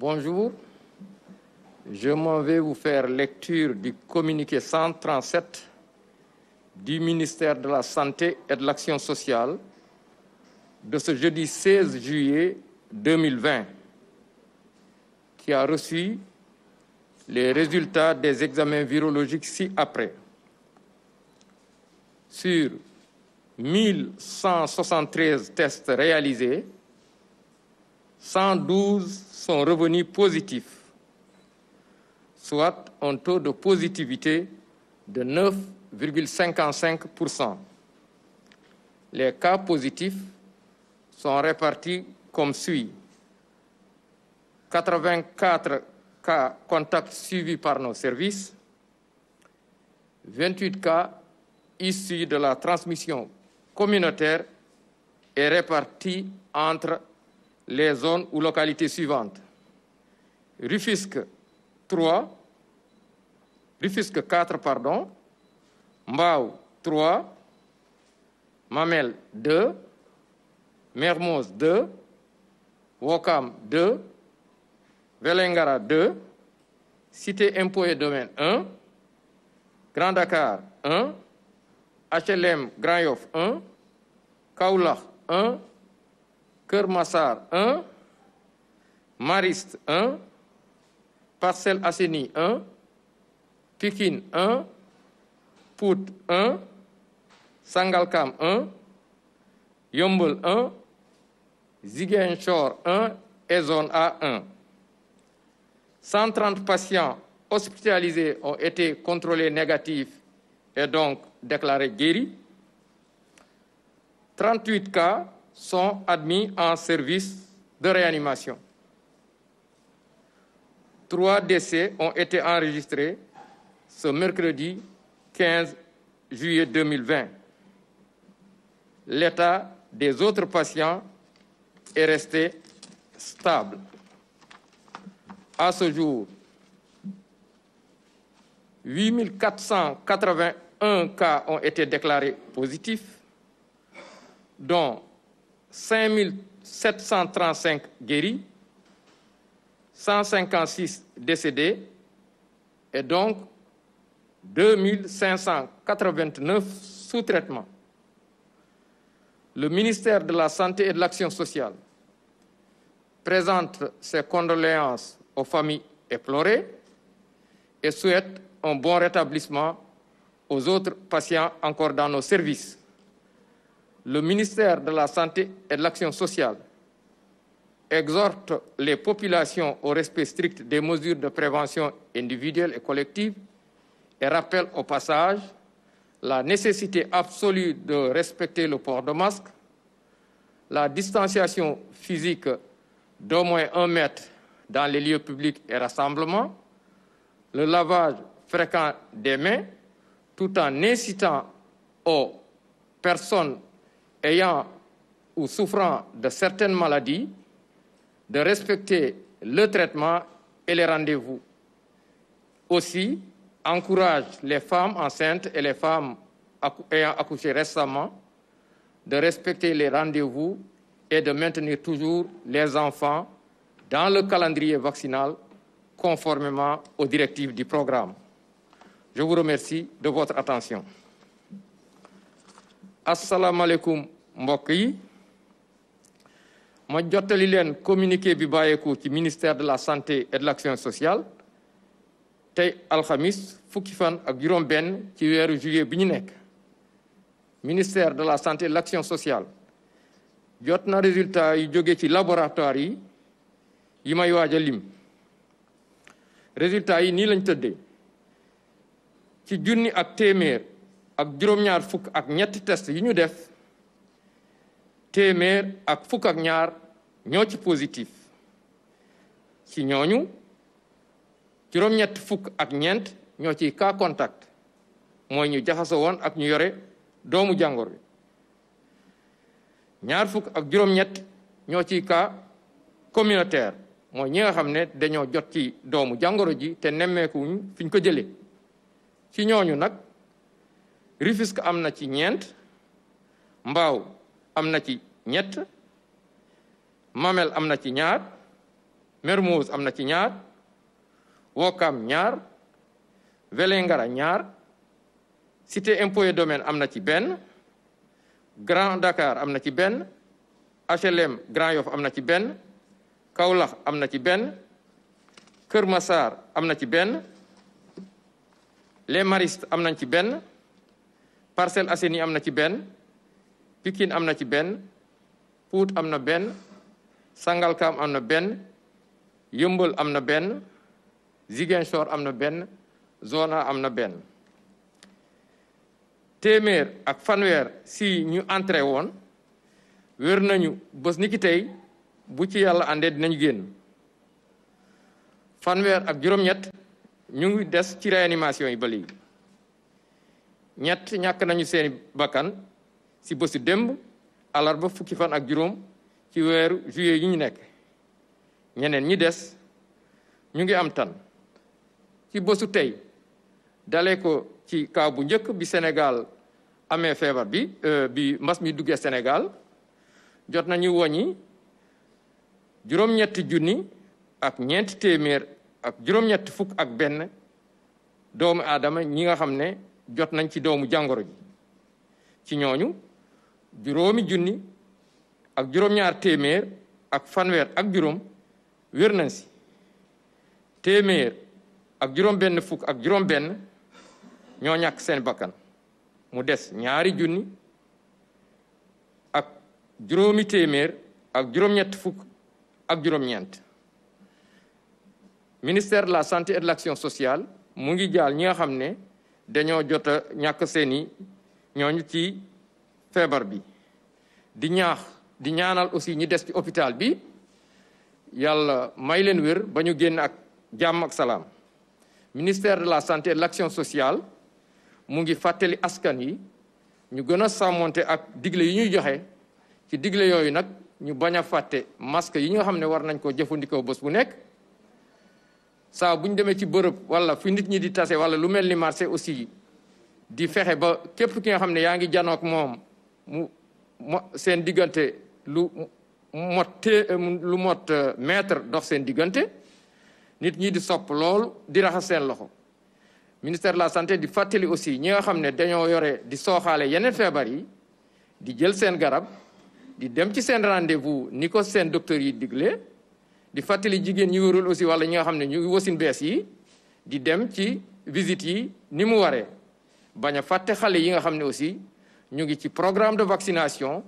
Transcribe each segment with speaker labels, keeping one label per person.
Speaker 1: Bonjour, je m'en vais vous faire lecture du communiqué 137 du ministère de la Santé et de l'Action sociale de ce jeudi 16 juillet 2020, qui a reçu les résultats des examens virologiques ci-après. Sur 1173 tests réalisés, 112 sont revenus positifs, soit un taux de positivité de 9,55%. Les cas positifs sont répartis comme suit. 84 cas contacts suivis par nos services, 28 cas issus de la transmission communautaire et répartis les zones ou localités suivantes. Rufisque 3, Rufisque 4, pardon, Mbao 3, Mamel 2, Mermoz 2, Wokam 2, Velengara 2, Cité Impôt et Domaine 1, Grand Dakar 1, Kaulach Kër Massar 1 Mariste 1 Parcelles Assainies 1 Pikine 1 Pout 1 Sangalkam 1 Yombol 1 Ziguinchor 1 et zone A1 130 patients hospitalisés ont été contrôlés négatifs et donc déclarés guéris cas sont admis en service de réanimation. Trois décès ont été enregistrés ce mercredi 15 juillet 2020. L'état des autres patients est resté stable. À ce jour, 8 481 cas ont été déclarés positifs, dont 5735 guéris, 156 décédés et donc 2589 sous traitement. Le ministère de la Santé et de sociale présente ses condoléances aux familles éplorées et souhaite un bon rétablissement aux autres encore dans nos le ministère de la Santé et de l'Action sociale exhorte les populations au respect strict des mesures de prévention individuelle et collective et rappelle au passage la nécessité absolue de respecter le port de masque, la distanciation physique d'au moins un mètre dans les lieux publics et rassemblements, le lavage fréquent des mai tout en incitant aux personnes ayant ou souffrant de certaines maladies de respecter le traitement et les rendez-vous. Aussi, encourage les femmes enceintes et les femmes ayant accouché récemment de respecter les rendez-vous et de maintenir toujours les enfants dans le calendrier vaccinal conformément aux directives du programme. Je vous remercie de votre attention. asalaamaaleykum mbokk yi ma jottali leen communiqué bi bàyyeeku ci ministère de la santé et de l'action sociale tey alxamis fukki fan ak juróom-benn ci weeru juillet bi ñu nekk ministère de la santé et de l'action sociale jot na résultat yi jóge ci laboratoire yi yi may waaj a lim résultat yi nii lañ tëddee ci junni ak téeméer ak juróom-ñaar fukk ak ñetti test yu ñu def téeméer ak fukk ak ñaar ñoo ci positif ci ñooñu juróom-ñett fukk ak ñeent ñoo ciy cas contact mooy ñu jaxasoo woon ak ñu yore doomu jàngor bi ñaar fukk ak juróom-ñett ñoo ci ka communautaire mooy ñi nga xam ne dañoo jot ci doomu jàngoro ji te nemmeekuñ fi ko jëlee ci ñooñu nag Rufisque am na ci ñeent Mbao am na ci ñett Mamel am na ci ñaar Mermoz am na ci ñaar Wokam ñaar Vélingara ñaar Cité Impôts et am na ci benn Grand Dakar am na ci benn HLM Grand Yoff am na ci benn Kaolack am na ci benn Kër am na ci benn Les am nañ ci benn parcelle Assainies am na ci benn Pikine am na ci benn Pout am na benn Sangalkam am na benn Yëmbal am na benn Ziguinchor am na benn Zona am na benn téeméer ak fanweer si ñu entré woon wér nañu bés ni tey bu ci yàlla àndee dinañu génn fanweer ak juróom-ñett ñu ngi des ci réanimation yi ba ñett ñàkk nañu seeni bakkan si bésu démb alarba fukki fan ak juróom ci weeru juillet yi ñu nekk ñeneen ñi des ñu ngi am tan ci bésu tey dalee ko ci kaw bu njëkk bi Sénégal amee feebar bi euh, bi mbas mi duggee Sénégal jot nañu woñi juróom-ñetti junni ak ñeenti téeméer ak juróom-ñetti fukk ak benn doomu aadama ñi nga xam ne jot nañ ci doomu jàngoro ji ci ñooñu juróomi junni ak juróom-ñaar téeméer ak fanweer ak juróom wér nañ si téeméer ak juróom-benn fukk ak juróom-benn ñoo ñàkk seen bakkan mu des ñaari junni ak juróomi téeméer ak juróom-ñett fukk ak juróom-ñeent ministère de la santé et de l'action sociale mu ngi jaal ñi nga xam ne dañoo jot a ñàkk seeni ñooñu ci feebar bi di ñaax di ñaanal aussi ñi des ci hôpital bi yàlla may leen wér ba ñu génn ak jàmm ak salaam ministère de la santé de l'action sociale mu ngi fàttali askan yi ñu gën a sàmmonte ak digle yi ñuy joxe ci digle yooyu nag ñu bañ a fàtte masque yi nga xam ne war nañ koo jëfandikoo bés bu nekk saa bu ñu demee ci bërëb wala fi nit ñi di tase wala lu mel ni marché aussi di fexe ba képp ki nga xam ne yaa ngi janook moom mu mo seen diggante lu mot té lu mot euh, metre dox seen diggante nit ñi di sopp loolu di raxas seen loxo ministère la santé di fàttali aussi ñi nga xam ne dañoo yore di sooxaale yeneen feebar yi di jël seen garab di dem ci seen rendez-vous ni ko seen docteur yi digle di fàttali jigéen ñi wérul aussi wala ñi nga xam ne ñu wasin bees yi di dem ci visite yi ni mu waree bañ a fàtte xale yi nga xam ne aussi ñu ngi ci programme de vaccination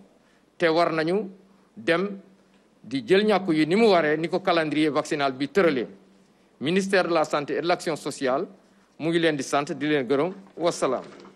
Speaker 1: te war nañu dem di jël ñàkku yi ni mu waree ni ko calendrier vaccinal bi tëralee ministère de la santé et de l'action sociale mu ngi leen di sant di leen gërëm wasalaam